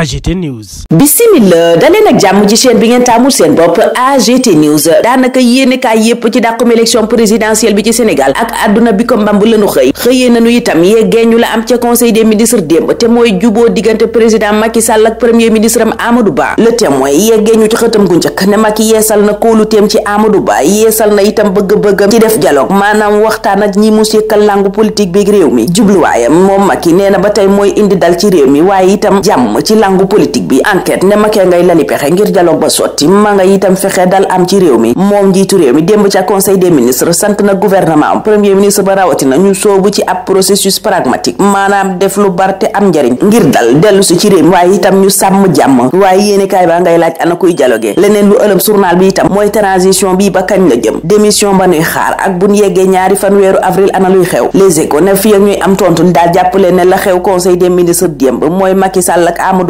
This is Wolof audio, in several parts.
AGT News. bisimila dalee nag jàmm ji chaîne bi ngeen taamul seen bopp AGT News daanaka yéenekaay yépp ci dàqum élection présidentielle bi ci Sénégal ak àdduna bi ko mbamb lanu xëy xëyee nañu itam yeggee ñu la am ca conseil des ministres démb te mooy juboo diggante président Macky ak premier ministre am Amadou Ba le témoin yeggee ñu ci xëtam gu njëkk ne Macky yeesal na kóoluteem ci Amadou Ba yeesal na itam bëgg-bëggam ci def dialogue maanaam waxtaan ak ñi mu sekkal ngir ma dal am ci réew mi moom njiitu réew mi démb ca conseil des ministres sant na gouvernement premier ministre waaye itam ñu sàmm jàmm waaye yéenekaay baa ngay laaj ana kuy dialogue leneen lu ëlëb journal bi itam mooy transition bi ba kañ la jëm démission ba nuy xaar ak buñ yeggee ñaari fan weeru avril ana luy xew les échos ne fi ñuy am tontu daal jàppale ne la xew conseil des ministres démb mooy Macky Sall ak Amadou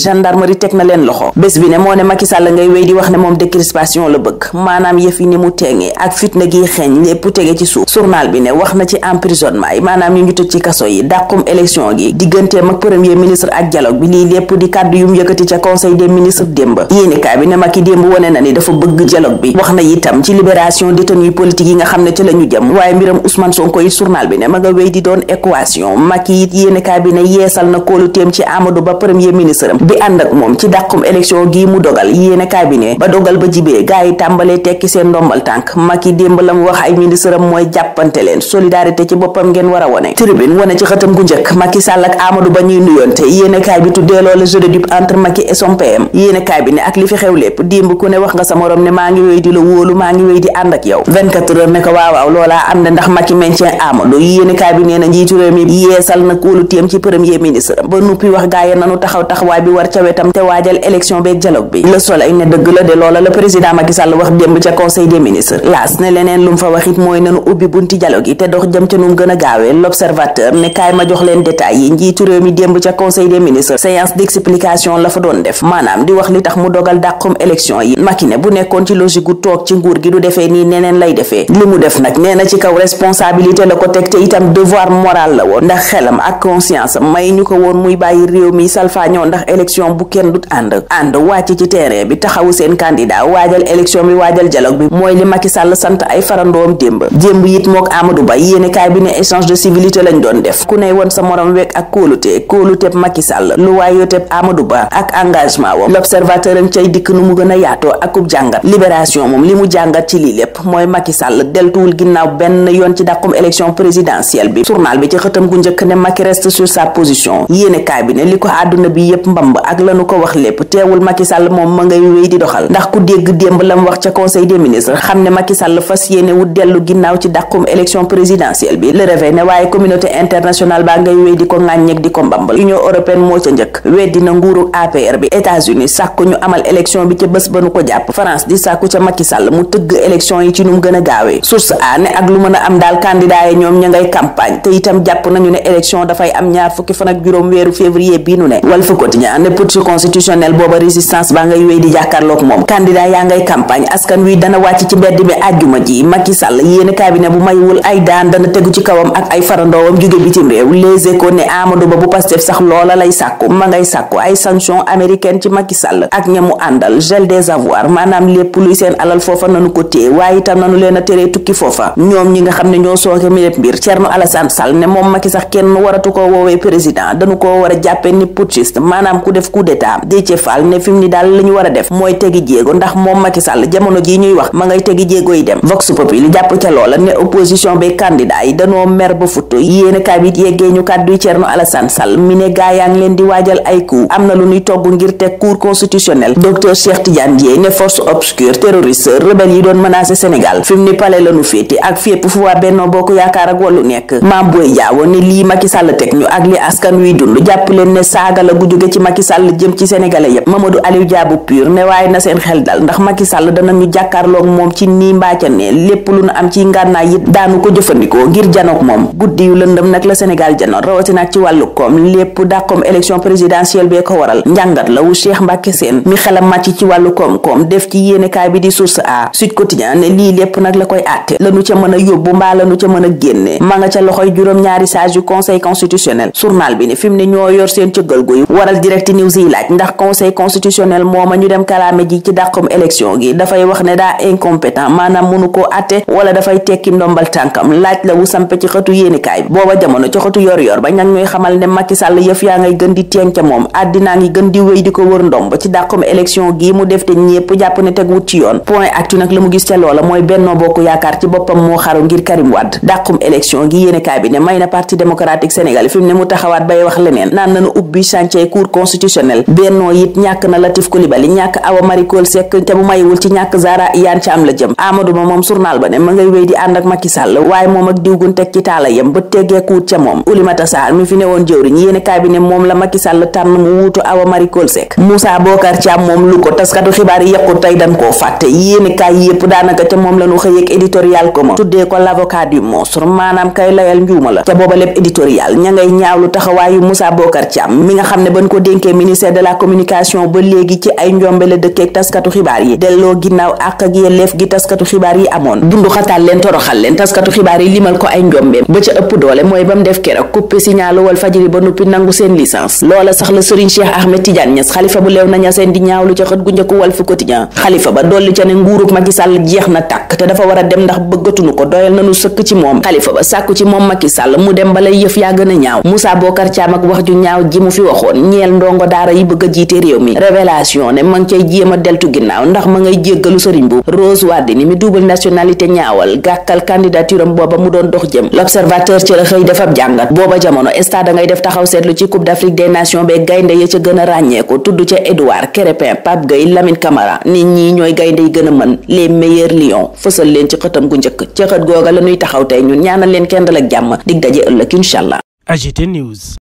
gendarmerie teg na leen loxo bés bi ne moo ne Macky Sall ngay wéy di wax ne moom décrispation la bëgg maanaam yëf yi ni mu teŋee ak fitna gi xeeñ lépp tege ci suuf journal bi ne wax na ci emprisonnement yi yi ma nga wéy di doon équation Macky it yéenikaay bi ne yeesal na kóolu ci Amadou Ba premier ministre am bi ànd ak moom ci dàqum élection gii mu dogal yéene cabinet ba dogal ba jibee gaa tàmbalee tekki seen ndombal tànk Macky démb la mu wax ay ministre am mooy jàppante leen solidarité ci boppam ngeen war a wone tribune wane ci xëtam gu njëkk Macky Sall ak Amadou Ba ñuy nuyoonte yéene kaay bi tuddee loola jeu de dupe entre Macky et son PM ak li fi xew lépp démb ku ne wax nga sa morom ne maa ngi wéy di la wóolu maa ngi wéy di ànd ak yow war ca wetam te waajal élection beeg dialogue bi le soleil ne dëgg la de loola la président Macky wax démb ca conseil des ministres laas ne leneen lu fa wax mooy nanu ubbi bunti dialogue yi te dox jëm ca nu mu a gaawee l'observateur ne kaay ma jox leen détails yi njiitu mi démb ca conseil des ministres séance d'explication la fa doon def maanaam di wax li tax mu dogal dàqum élection yi Macky bu nekkoon ci logique gu toog ci nguur gi du defee nii neneen lay def élection bu kenn dut ànd ànd wàcc ci terrain bi taxawu seen candidat waajal élection bi waajal dialogue bi mooy li Macky Sall sant ay farandoom démb démb it mook Amadou Ba yéenekaay bi ne échange de civilité lañ doon def ku ne woon sa morom wekk ak kóolute kóoluteb Macky Sall lu waay te Amadou Ba ak engagement wam l'observateur am cay dikk nu mu gën a yaatoo ak akub jàngat libération moom li mu jàngat ci lii lépp mooy Macky Sall deltuwul ginnaaw benn yoon ci dàqum élection présidentielle bi journal bi ci xëtam gu njëkk ne Macky reste sur sa position bi ak lanu ko wax lépp teewul Macky moom ma ngay wéy di doxal ndax ku dégg démb la mu wax ca conseil des ministres xam ne Macky fas yéene wu dellu ginnaaw ci dàqum élection présidentielle bi le réveil ne waaye communauté internationale baa ngay wéy di ko ŋàññeeg di ko mbambal union européenne moo ca njëkk weddi na nguuru APR bi États-Unis sàkku ñu amal élection bi ca bés ba nu ko jàpp France di sàkku ca Macky mu tëgg élection yi ci nu mu gën a gaawee source a ne a booba résistance baa ngay wéy di jàkkaarloog moom candidat yaa ngay campagne askan wi dana wàcc ci mbedd mi àjjuma ji Macky Sall yéene cabinet bu Pastef sax loola lay sàkku ma ngay sàkku ay sanction américaine ci Macky Sall ak ñamu àndal gel des avoirs maanaam lépp luy seen alal foofa nanu ko téye waaye itam nanu leen a tere tukki foofa ñoom ñi nga xam ne ñoo sooke mi lépp mbir Thierno Alassane Sall ne moom Macky sax kenn waratu ko woowee président dañu a Fall ne fi mu ni daal la ñu war a def mooy tegi jéego ndax moom Macky Sall jamono jii ñuy wax ma ngay tegi jéego yi dem Vox Populi jàpp ca loola ne opposition bi candidat yi danoo mer ba futt yéen kaay bi yeggee ñu kàdduy Thierno Alassane Sall mi ne gaa leen di waajal ay coup am na lu ñuy togg ngir teg cour constitutionnel docteur Cheikh Tidiane Dièye ne force obscure terroriste rebelle yi doon menacer Sénégal fi ni pale lanu féeti ak fépp fu waa Benno pur Mamadou Aliou Dia bu pur ne waaye na seen xel dal ndax Macky Sall danañu jàkkaarloog moom ci nii mbaaca ne lépp lu nu am ci ngànnaay it daanu ko jëfandikoo ngir janoog moom guddi yu lëndëm nag la Sénégal janoon rawatina ci wàllu koom lépp dàqoom élection présidentielle bee ko waral njàngat la wu Cheikh Mbacke Sène mi xelam màcc ci wàllu koom-koom def ci kaay bi di source a Sud Quotidien ne lii lépp nag la koy àtte lanu ca mën a yóbbu mbaa lanu ca mën a génne ma nga ca loxoy juróom-ñaari sages yu conseil constitutionnel journal bi ne fi mu ne ñoo yor seen cëggal conseil constitutionnel mooma ñu dem kalaame ji ci dàqum élection gi dafay wax ne daa incompétent maanaam mënu koo atte wala dafay tekki ndombal tànkam laaj la wu sampe ci xëtu yéenikaay booba la mu gis ca loola mooy bennoo bokk yaakaar ci boppam moo bi ne may na parti démocratique sénégalais fi ne mu taxawaat bay wax leneen naan nanu ubbi chantier cour constitutionnel bennoo it ñàkk na Latif Coulibaly ñàkk Awa Marie Coll te bu mayiwul ci ñàkk Zahra Iyane Thiam la jëm Amadou Ba moom journal ba ne ma ngay wéy di ànd ak Macky Sall waaye moom ak diw gun teg ci taala yem ba teggeekuwut ca moom Oulimata Sarr mi fi newoon jëwriñ yéene bi ne moom la Macky Sall mu wuutu Awa Marie Coll Seck Moussa Bokar moom lu ko taskatu xibaar yi yequ tey dañ koo fàtte yéene yépp daanaka ca moom la ñu xëy ak éditorial tuddee libération ba léegi ci ay njombe la dëkkeek taskatu xibaar yi delloo ginnaaw àq ak yelleef gi taskatu xibaar yi amoon dundu leen toroxal leen taskatu xibaar yi limal ko ay njombeem ba ca ëpp doole mooy ba mu def keroog coupé signalu wal fajiri ba noppi xalifa ba dolli ca ne nguurug Macky jeex na tàkk te dafa war a dem ndax bëggatunu ko doyal nanu sëkk ci moom xalifa ba sàkku ci moom Macky mu dem balay yëf yaa gën a ñaaw Moussa Bokar Thiam wax ju ñaaw a jiite mi révélation ne ma ngi cay jéem a deltu ginnaaw ndax ma ngay jéggalu sëriñ bu Rose Wardini mi double nationalité ñaawal gàkkal candidature am booba mu doon dox jëm l'observateur ci la xëy defab jàngat booba jamono stade da ngay def taxaw seetlu ci coupe d'Afrique des nations ba gaynde ya ca gën a ràññeeku tudd ca Edouard Crépin Pape Gueye Lamine Camara nit ñi ñooy gaynde yi gën a mën les meilleurs lions fësal leen ci xëtam gu njëkk ca xët googa la ñuy taxaw tey ñun ñaanal leen kenn dal ak jàmm dig daje ëllëg